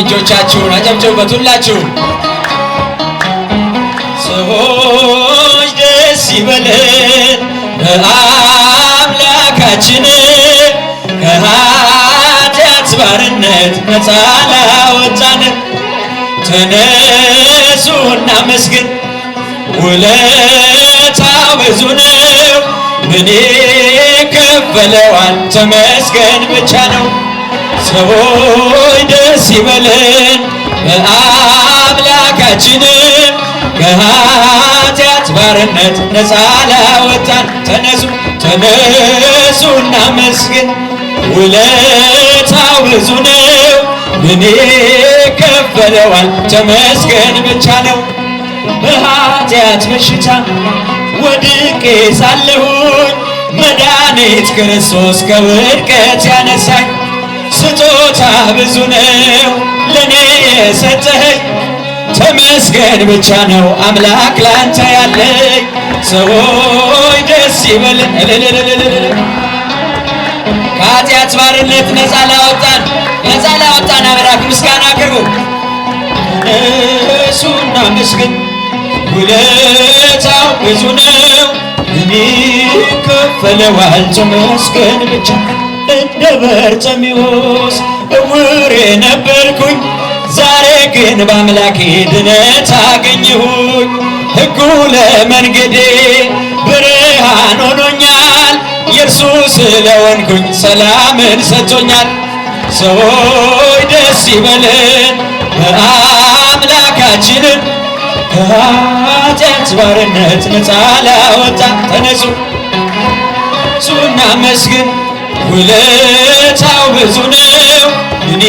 እጆቻችሁን አጨብጭቡበት ሁላችሁ። ሰዎች ደስ ይበለን በአምላካችን ከኃጢአት ባርነት ነፃ ላወጣን ተነሱና መስግን ውለታው ብዙ ነው ምን ይከፈለዋል? ተመስገን ብቻ ነው። ሰዎች ደስ ይበለን በአምላካችንም! ከኃጢአት ባርነት ነፃ ላወጣን ተነሱ ተነሱና መስግን ውለታው ብዙ ነው ምን ይከፈለዋል ተመስገን ብቻ ነው በኃጢአት በሽታ ወድቄ ሳለሁኝ መድኃኒት ክርስቶስ ከውድቀት ያነሳኝ ስጦታ ብዙ ነው ለኔ የሰጠኸኝ፣ ተመስገን ብቻ ነው አምላክ ላንተ ያለኝ። ሰዎች ደስ ይበል ከኃጢአት ባርነት ነፃ ላወጣን ነፃ ላወጣን አምላክ ምስጋና አቅርቡ። እሱና መስግን ውለታው ብዙ ነው የሚከፈለው ተመስገን መስገን ብቻ እንደ በርጤሜዎስ እውር ነበርኩኝ ዛሬ ግን በአምላኬ ድነት አገኘሁኝ። ሕጉ ለመንገዴ ብርሃን ሆኖኛል። የእርሱ ስለሆንኩኝ ሰላምን ሰጥቶኛል። ሰዎች ደስ ይበልን በአምላካችንን ከኃጢአት ባርነት ነፃ ላወጣ ተነሱ ሱና መስግን ውለታው ብዙ ነው እኔ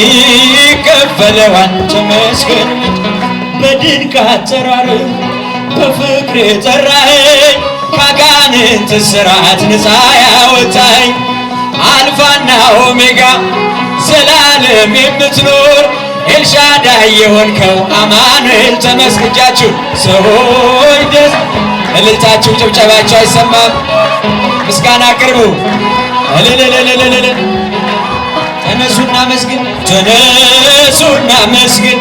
ይከፈለዋል። ተመስገን በድንቅ አጠራርህ በፍቅር የጠራኸኝ ከአጋንንት እስራት ነፃ ያወጣኸኝ አልፋና ኦሜጋ ዘላለም የምትኖር ኤልሻዳይ የሆንከው አማኑኤል ተመስገን። እጃችሁ ሰዎች ደስ እልልታችሁ ጭብጨባችሁ አይሰማም? ምስጋና አቅርቡ። ተነሱና መስግን ተነሱና መስግን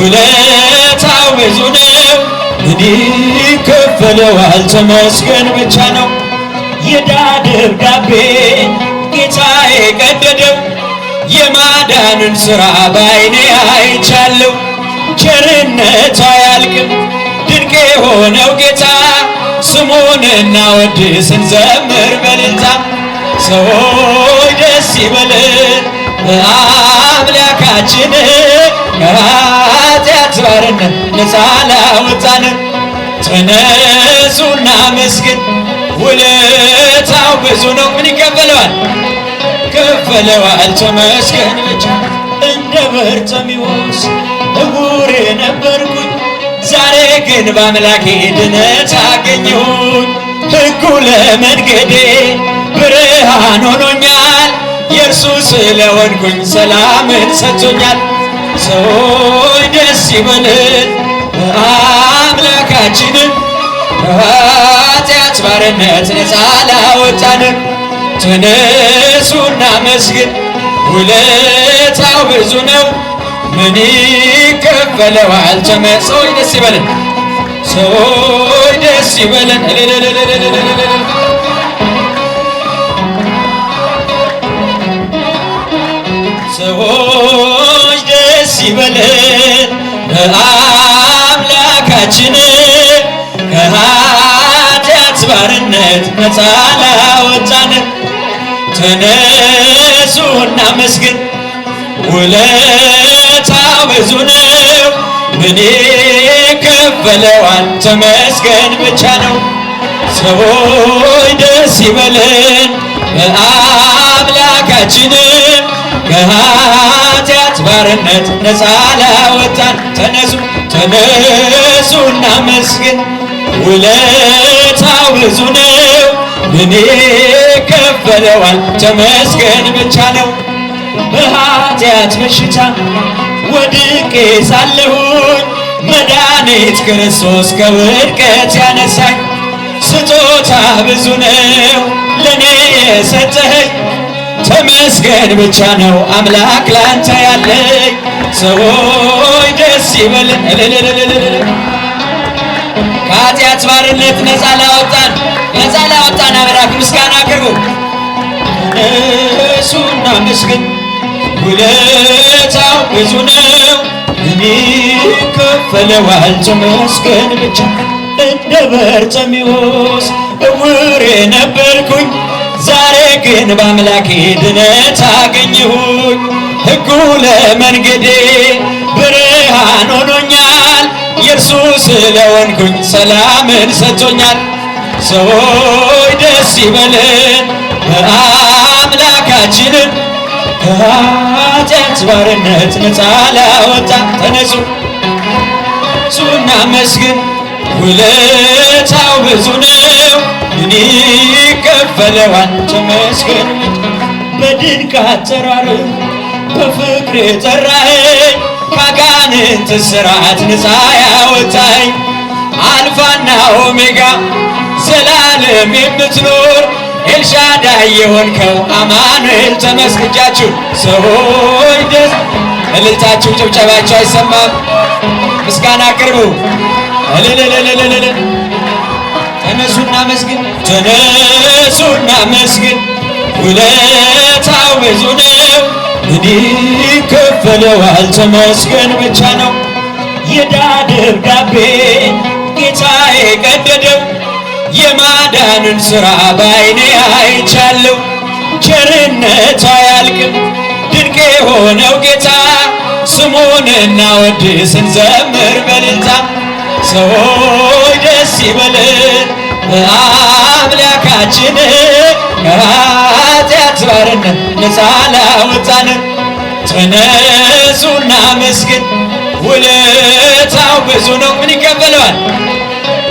ውለታው ብዙ ነው፣ ምን ይከፈለዋል? ተመስገን ብቻ ነው። የዕዳ ደብዳቤ ጌታ የቀደደው የማዳንን ሥራ ባይኔ አይቻለሁ። ቸርነት አያልቅም ድንቅ የሆነው ጌታ ስሙን እናወድስ እንዘምር በልልታ ሰዎች ደስ ይበልን በአምላካችን ከኃጢአት ባርነት ነፃ ላወጣን ተነሱና መስግን ውለታው ብዙ ነው። ምን ይከፈለዋል? ከፈለዋል። ተመስገን ብቻ እንደ በርተሚዎስ እውር ነበርኩኝ፣ ዛሬ ግን በአምላኬ ድነት አገኘሁኝ። ሕጉ ለመንገዴ ብርሃን ሆኖኛል የእርሱ ስለሆንኩኝ ሰላምን ሰጥቶኛል። ሰዎች ደስ ይበልን አምላካችንን ከኃጢአት ባርነት ነፃ ላወጣንን ተነሱና መስግን ውለታው ብዙ ነው ምን ይከፈለዋል ተመ- ሰዎች ደስ ይበልን ሰዎች ደስ ይበልን ይበለን አምላካችን ከኃጢአት ባርነት ነፃ ላወጣን ተነሱና መስግን ውለታው ብዙ ነው ምን ከፈለዋል ተመስገን ብቻ ነው ሰዎች ደስ ይበለን በአምላካችን ከኃጢአት ባርነት ነፃ ላወጣን ተነሱ ተነሱና መስግን ውለታው ብዙ ነው ምን ይከፈለዋል ተመስገን ብቻ ነው በኃጢአት በሽታ ወድቄ ሳለሁኝ መድኃኒት ክርስቶስ ከውድቀት ያነሳኝ ስጦታ ብዙ ነው ለእኔ የሰጠህ ተመስገን ብቻ ነው አምላክ ላንተ ያለኝ። ሰዎች ደስ ይበል ከኃጢአት ባርነት ነፃ ላወጣን ነፃ ላወጣን አምላክ ምስጋና አቅርቡ። እሱና ምስግን ውለታው ብዙ ነው የሚከፈለዋል። ተመስገን ብቻ እንደ በርጤሜዎስ እውር ነበርኩኝ ዛሬ ግን በአምላኬ ድነት አገኘሁኝ። ሕጉ ለመንገዴ ብርሃን ሆኖኛል። የእርሱ ስለወንኩኝ ሰላምን ሰጥቶኛል። ሰዎች ደስ ይበልን በአምላካችንን ከኃጢአት ባርነት ነፃ ላወጣ ተነሱ ሱና መስግን ውለታው ብዙ ነው። እኔ ከፈለው አንተ መስገን በድንቅ አጠራር በፍቅር የጠራኸኝ ካጋንንት ስርዓት ነፃ ያወጣኝ አልፋና ኦሜጋ ዘላለም የምትኖር ኤልሻዳይ የሆንከው አማኑኤል ተመስገን። እጃችሁ ሰዎች ደስ እልልታችሁ ጭብጨባችሁ አይሰማም። ምስጋና ቅርቡ እልልልልልልል ተነሱና መስግን ተነሱና መስግን ውለታው ብዙ ነው፣ ምን ይከፈለዋል? ተመስገን ብቻ ነው። የዕዳ ደብዳቤ ጌታ የቀደደው የማዳንን ሥራ ባይኔ አይቻለሁ። ቸርነት አያልቅም ድንቅ የሆነው ጌታ ስሙን እናወድስ እንዘምር በልልታ ሰዎች ደስ ይበልን አምላካችን ከኃጢአት ባርነት ነፃ ላወጣን ተነሱና መስግን። ውለታው ብዙ ነው። ምን ይከፈለዋል?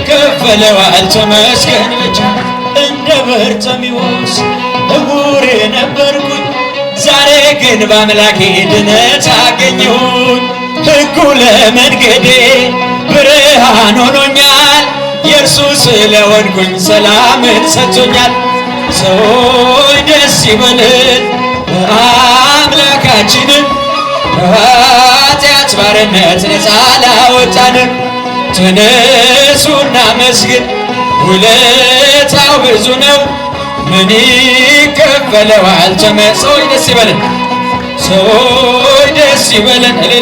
ከፈለዋል። ተመስገን ብቻ እንደ በርጤሜዎስ ዕውር ነበርኩኝ፣ ዛሬ ግን በአምላኬ ድነት አገኘሁኝ። ሕጉ ለመንገዴ ብርሃን ሆኖኛል። የእርሱ ስለሆንኩኝ ሰላምን ሰጥቶኛል። ሰዎች ደስ ይበልን አምላካችንን ከኃጢአት ባርነት ነፃ ላወጣንን ተነሱና መስግን ውለታው ብዙ ነው ምን ይከፈለዋል ተመ- ሰዎች ደስ ይበልን ሰዎች ደስ ይበልን